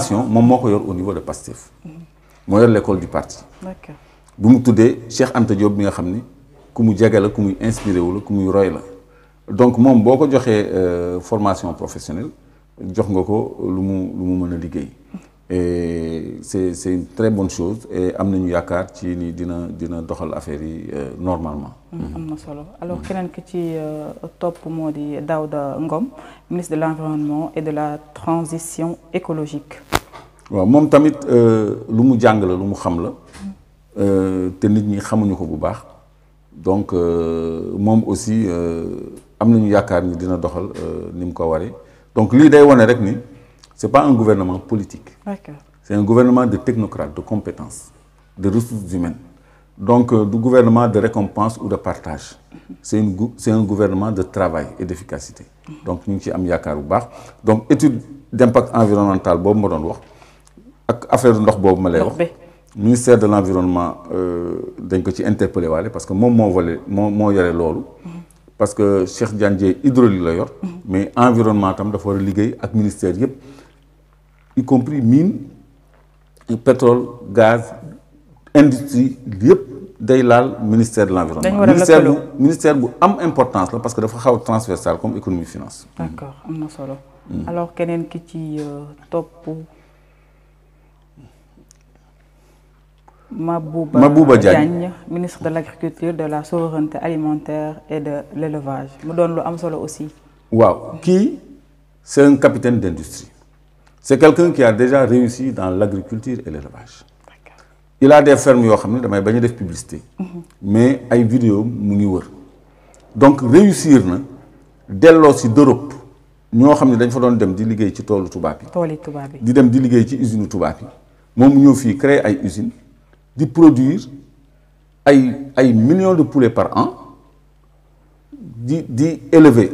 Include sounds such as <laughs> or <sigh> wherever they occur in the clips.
formation mon moko yor au niveau de PASTEF moo yor l'école du parti bu mu tuddee Cheikh Anta Diop nga xam ni ku mu jege la inspiré wu la roy la donc mon boko joxé joxee euh, formation professionnelle jox nga ko lu mu lu liggéey et c'est c'est une très bonne chose et am nañu yaakaar ci ni dina dina doxal affaire yi euh, normalement. Mm, mm-hmm. amna solo alors keneen ki ci euh, topp moo di Daouda Ngom ministre de l'environnement et de la transition écologique. wa mom tamit euh, lu mu jàng la lu mu xam la te nit ñi xamuñu ko bu baax donc mom aussi am nañu yaakaar ni dina doxal ni mu ko waré donc li day wane rek ni. Ce n'est pas un gouvernement politique. C'est un gouvernement de technocrates, de compétences, de ressources humaines. Donc, euh, du gouvernement de récompense ou de partage. C'est un gouvernement de travail et d'efficacité. Donc, nous à Donc, étude d'impact environnemental, affaire de ministère de l'environnement euh, d'un interpellé parce que mon moi, volé, parce que Cheikh Diandier mm-hmm. mais environnement tam faut avec avec le ministère y compris mine pétrole gaz industrie y day le ministère de l'environnement ministère ministère d'importance am importance parce que dafa un transversal comme économie finance d'accord am hmm. Alors solo alors qui ki ci euh, top Mabouba, Mabouba Diagne ministre de l'agriculture de la souveraineté alimentaire et de l'élevage Je donne le am solo aussi waaw qui c'est un capitaine d'industrie c'est quelqu'un qui a déjà réussi dans l'agriculture et l'élevage. Il a des fermes publicité. Mhm. mais il donc réussir dès lors d'Europe nous dañ fa doon dem di ci usine usines produire millions de poulets par an di di élever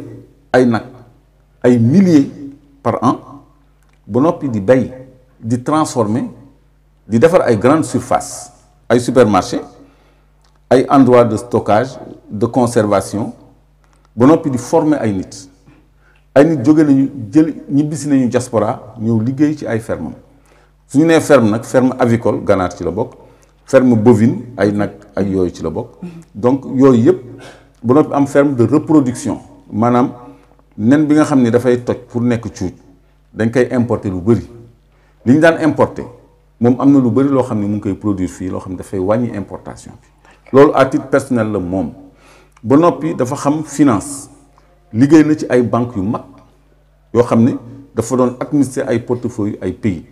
milliers par an. Bonopi noppi di bay di transformer di defar ay grandes surfaces ay supermarché ay endroit de stockage de conservation Bonopi noppi di former ay nit ay nit jogé nañu jël ñibiss nañu diaspora ñeu liggéey ci ay fermam suñu né ferme nak ferme avicole ganaar ci la bok, ferme bovine ay nak ak yoy ci la bok. donc yoy yep bonopi am ferme de reproduction manam nen bi nga xamni ne dafay toj pour nekk dañ koy importer lu bëri liñ daan importer moom am na lu bëri loo xam ne mu ngi koy produire fii loo xam ne dafay wàññi importation bi loolu à titre personnel la moom ba noppi dafa xam finance liggéey na ci ay banque yu mag yoo xam ne dafa doon administrer ay portefeuille ay pays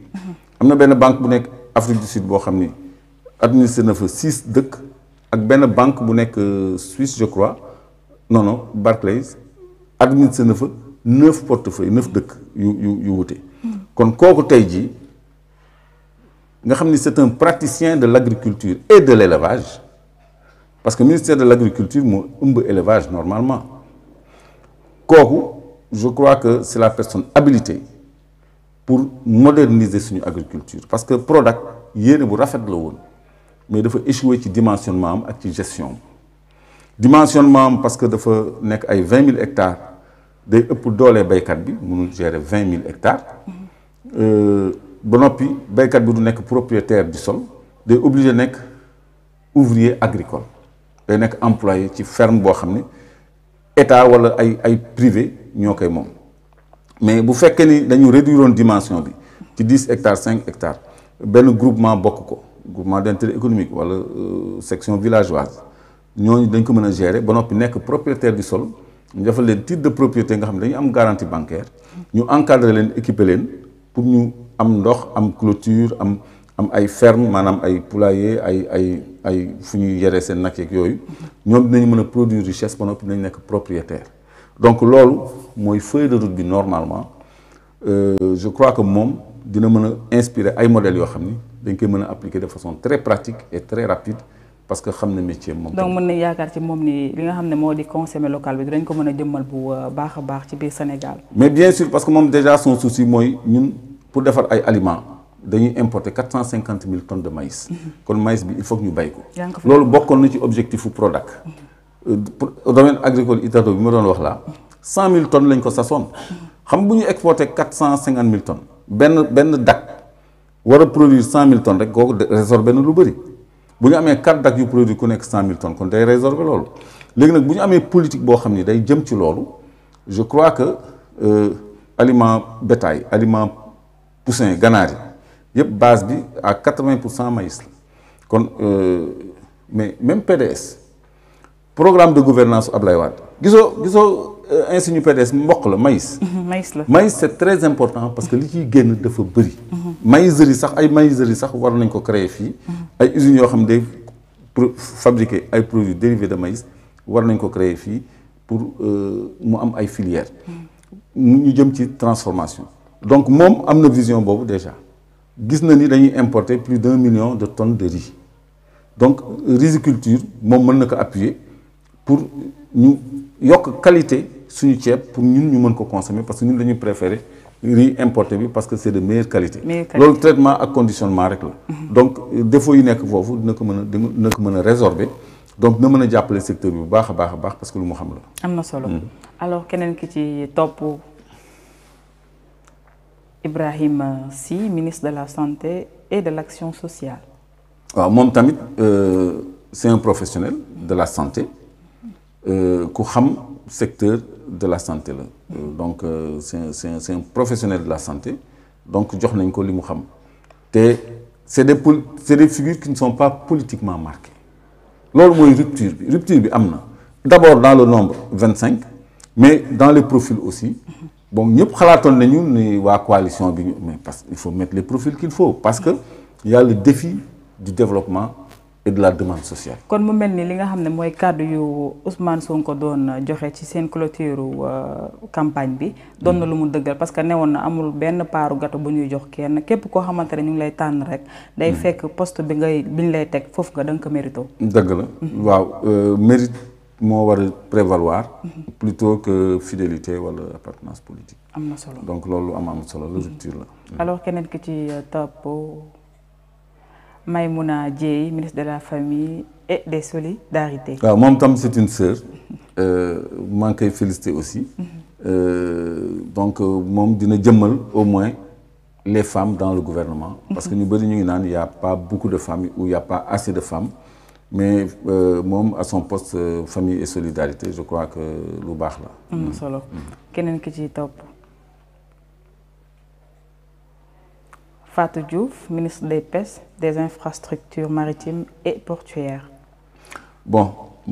am na benn banque bu nekk Afrique du Sud boo xam ne administré na fa six dëkk ak benn banque bu nekk euh, Suisse je crois non non Barclays administrer na fa neuf portefeuilles neuf de yu yu yu wute kon c'est un praticien de l'agriculture et de l'élevage parce que ministère de l'agriculture moo un élevage normalement je crois que c'est la personne habilitée pour moderniser son agriculture parce que Prodac il bu rafet la l'eau, mais échouer échoué le dimensionnement Et ak gestion dimensionnement parce que dafa nek 20 000 hectares pour dollars les nous bi 20 gérer hectares mm-hmm. euh bonopi baykat bi du nek propriétaire du sol des obligé nek ouvrier agricole day nek employé ci ferme Les xamné état wala privé mais si nous ni dañu réduire dimension bi 10 hectares 5 hectares ben groupement bokko groupement d'intérêt économique wala euh, section villageoise nous dañ ko mëna gérer propriétaire du sol nous avons les titres de propriété Nous, xam une garantie bancaire nous encadrons leen équiper pour nous am ndox am clôture am am ay ferme manam ay poulailler ay ay ay fuñu yéré sen seen nag yeeg ñom dinañ produire richesse que dinañ propriétaire donc loolu moy feuille de route bi normalement euh, je crois que mom dina mëna inspirer ay modèles yo xamni dañ koy appliquer de façon très pratique et très rapide parce que xamna métier donc mën na yaakar ci mom ni li nga xamne conseil local le euh, sénégal mais bien sûr parce que moi déjà son souci moy ñun pour faire des aliments dañuy importer 450 000 tonnes de maïs mhm. kon maïs il faut que nous le ko C'est l'objectif du PRODAC. objectif mhm. euh, product euh, domaine agricole il y mhm. a 100 000 tonnes de ko Si xam bu exporter 450 000 tonnes ben ben dak wara produire 100 000 tonnes rek gogo résorber na lu si Vous avez 4 produits qui produisent 100 000 tonnes, vous avez résolvé ça. vous avez une politique qui est très Je crois que les euh, aliments bétail, les aliments poussins, les ganaries, sont à 80% de maïs. Euh, mais même PDS, programme de gouvernance à vous euh, insigne PDS mbok la maïs. <laughs> maïs la maïs c'est très important parce que li ciy génn dafa bëri. Mhm. maïserie sax ay maïserie sax war nañ ko créer fii. Mhm. ay usines yoo xam des fabriquer ay produits dérivés de maïs war nañ ko créer fii pour nous euh, am ay filières. Mhm. ñu jëm ci transformation. donc mom am vision boobu déjà gis na ni dañuy importer plus d'un million de tonnes de riz donc riziculture mom mon na appuyer pour ñu yokk qualité suñu pour ñun ñu mën ko consommer parce que ñun préférons préférer riz importé parce que c'est de meilleure qualité. le traitement ak conditionnement rek la. donc euh, défaut yu nekk fofu dina ko mëna dina ko résorber donc na mëna jappalé secteur bi bu baax parce que lu mu xam la. quel est solo mm. alors pour ki ci Ibrahim ministre de la santé et de l'Action sociale. waaw moom tamit euh, c'est un professionnel de la santé euh, ku xam secteur de la santé donc euh, c'est c'est un professionnel de la santé donc c'est des figures qui ne sont pas politiquement marquées rupture rupture d'abord dans le nombre 25 mais dans les profils aussi bon il coalition mais faut mettre les profils qu'il faut parce que il y a le défi du développement et de la demande sociale. kon mu mel ni li nga xam ne mooy yu Ousmane Sonko doon euh, joxe ci seen clôture euh, campagne bi doon na mm. lu mu dëggal parce que newoon na amul benn paaru gato bu ñuy jox kenn képp koo xamante ne ñu ngi lay tànn rek. day mm. fekk poste bi ngay bin ñu lay teg foofu nga da nga mérito. dëgg la mm-hmm. waaw euh, mérite moo war prévaloir. Mm-hmm. plutôt que fidélité wala appartenance politique. am solo donc loolu am am solo la mm-hmm. rupture là. alors keneen ki ci topp. Maïmouna Dieye ministre de la famille et des solidarités. waaw ah, moom tam c'est une sœur je euh, ngi félicité féliciter aussi mhm. euh, donc euh, moom dina jëmmal au moins les femmes dans le gouvernement. Mhm. parce que nous bëri ñu ngi il y a pas beaucoup de femmes ou il y a pas assez de femmes mais moom à son poste famille et solidarité je crois que lu C'est la. am na solo mhm. keneen ki ci top Fatou Diouf, ministre des Pêches, des Infrastructures maritimes et portuaires. Bon,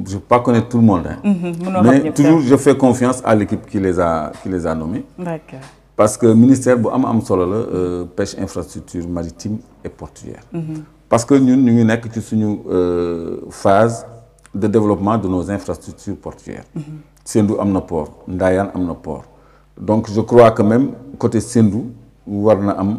je ne connais pas tout le monde, hein. mhm, mais toujours je fais confiance à l'équipe qui, les a, qui les a nommés. Parce que le ministère, bu am solo euh, pêche infrastructure maritime et portuaires. Mhm. Parce que nous, nous sommes dans une phase de développement de nos infrastructures portuaires. Mhm. Sendou amna port, Ndayan port. Donc je crois que même côté Sendou, nous avons